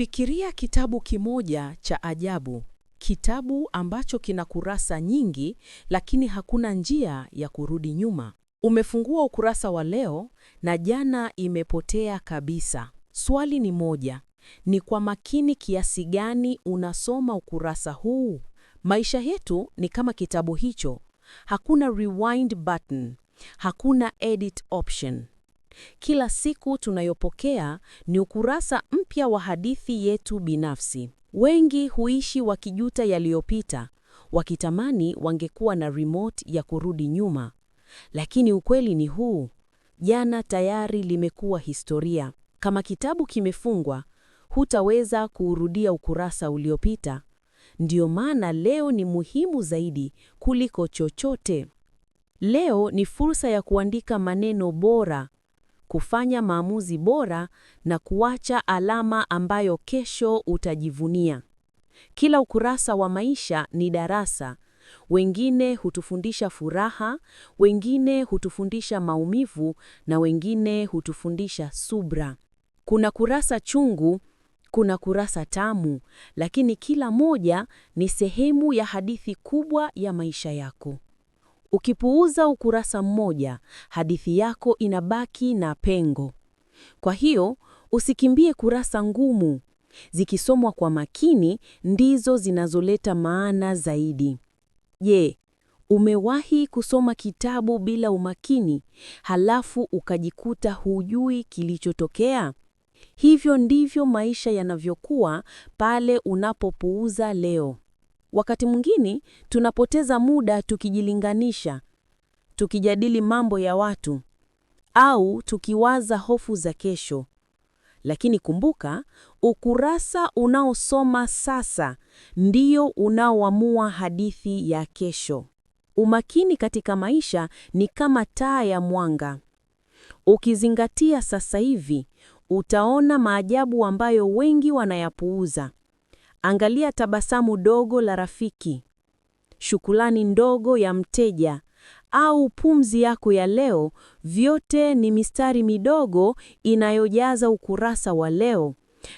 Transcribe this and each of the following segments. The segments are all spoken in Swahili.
Fikiria kitabu kimoja cha ajabu, kitabu ambacho kina kurasa nyingi, lakini hakuna njia ya kurudi nyuma. Umefungua ukurasa wa leo na jana imepotea kabisa. Swali ni moja, ni kwa makini kiasi gani unasoma ukurasa huu? Maisha yetu ni kama kitabu hicho, hakuna rewind button, hakuna edit option. Kila siku tunayopokea ni ukurasa mpya wa hadithi yetu binafsi. Wengi huishi wakijuta yaliyopita, wakitamani wangekuwa na remote ya kurudi nyuma. Lakini ukweli ni huu: jana tayari limekuwa historia. Kama kitabu kimefungwa, hutaweza kuurudia ukurasa uliopita. Ndiyo maana leo ni muhimu zaidi kuliko chochote. Leo ni fursa ya kuandika maneno bora kufanya maamuzi bora na kuacha alama ambayo kesho utajivunia. Kila ukurasa wa maisha ni darasa. Wengine hutufundisha furaha, wengine hutufundisha maumivu na wengine hutufundisha subra. Kuna kurasa chungu, kuna kurasa tamu, lakini kila moja ni sehemu ya hadithi kubwa ya maisha yako. Ukipuuza ukurasa mmoja, hadithi yako inabaki na pengo. Kwa hiyo, usikimbie kurasa ngumu. Zikisomwa kwa makini ndizo zinazoleta maana zaidi. Je, umewahi kusoma kitabu bila umakini, halafu ukajikuta hujui kilichotokea? Hivyo ndivyo maisha yanavyokuwa pale unapopuuza leo. Wakati mwingine tunapoteza muda tukijilinganisha, tukijadili mambo ya watu au tukiwaza hofu za kesho. Lakini kumbuka, ukurasa unaosoma sasa ndio unaoamua hadithi ya kesho. Umakini katika maisha ni kama taa ya mwanga. Ukizingatia sasa hivi, utaona maajabu ambayo wengi wanayapuuza. Angalia tabasamu dogo la rafiki, shukulani ndogo ya mteja au pumzi yako ya leo, vyote ni mistari midogo inayojaza ukurasa wa leo.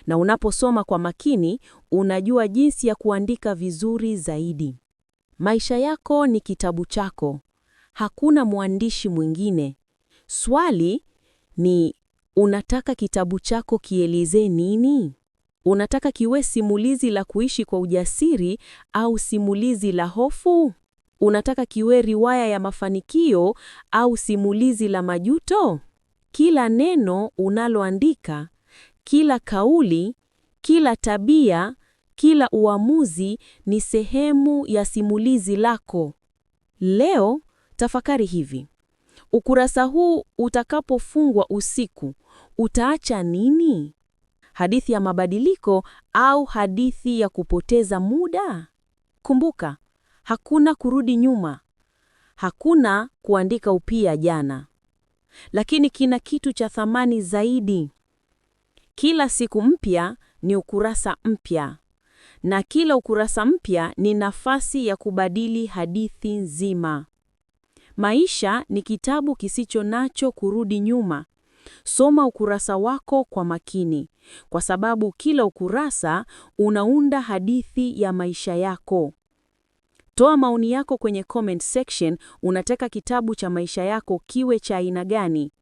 Na unaposoma kwa makini, unajua jinsi ya kuandika vizuri zaidi. Maisha yako ni kitabu chako, hakuna mwandishi mwingine. Swali ni unataka kitabu chako kielezee nini? Unataka kiwe simulizi la kuishi kwa ujasiri au simulizi la hofu? Unataka kiwe riwaya ya mafanikio au simulizi la majuto? Kila neno unaloandika, kila kauli, kila tabia, kila uamuzi ni sehemu ya simulizi lako. Leo tafakari hivi. Ukurasa huu utakapofungwa usiku, utaacha nini? hadithi ya mabadiliko au hadithi ya kupoteza muda? Kumbuka, hakuna kurudi nyuma, hakuna kuandika upya jana. Lakini kina kitu cha thamani zaidi. Kila siku mpya ni ukurasa mpya, na kila ukurasa mpya ni nafasi ya kubadili hadithi nzima. Maisha ni kitabu kisicho nacho kurudi nyuma, Soma ukurasa wako kwa makini, kwa sababu kila ukurasa unaunda hadithi ya maisha yako. Toa maoni yako kwenye comment section. Unataka kitabu cha maisha yako kiwe cha aina gani?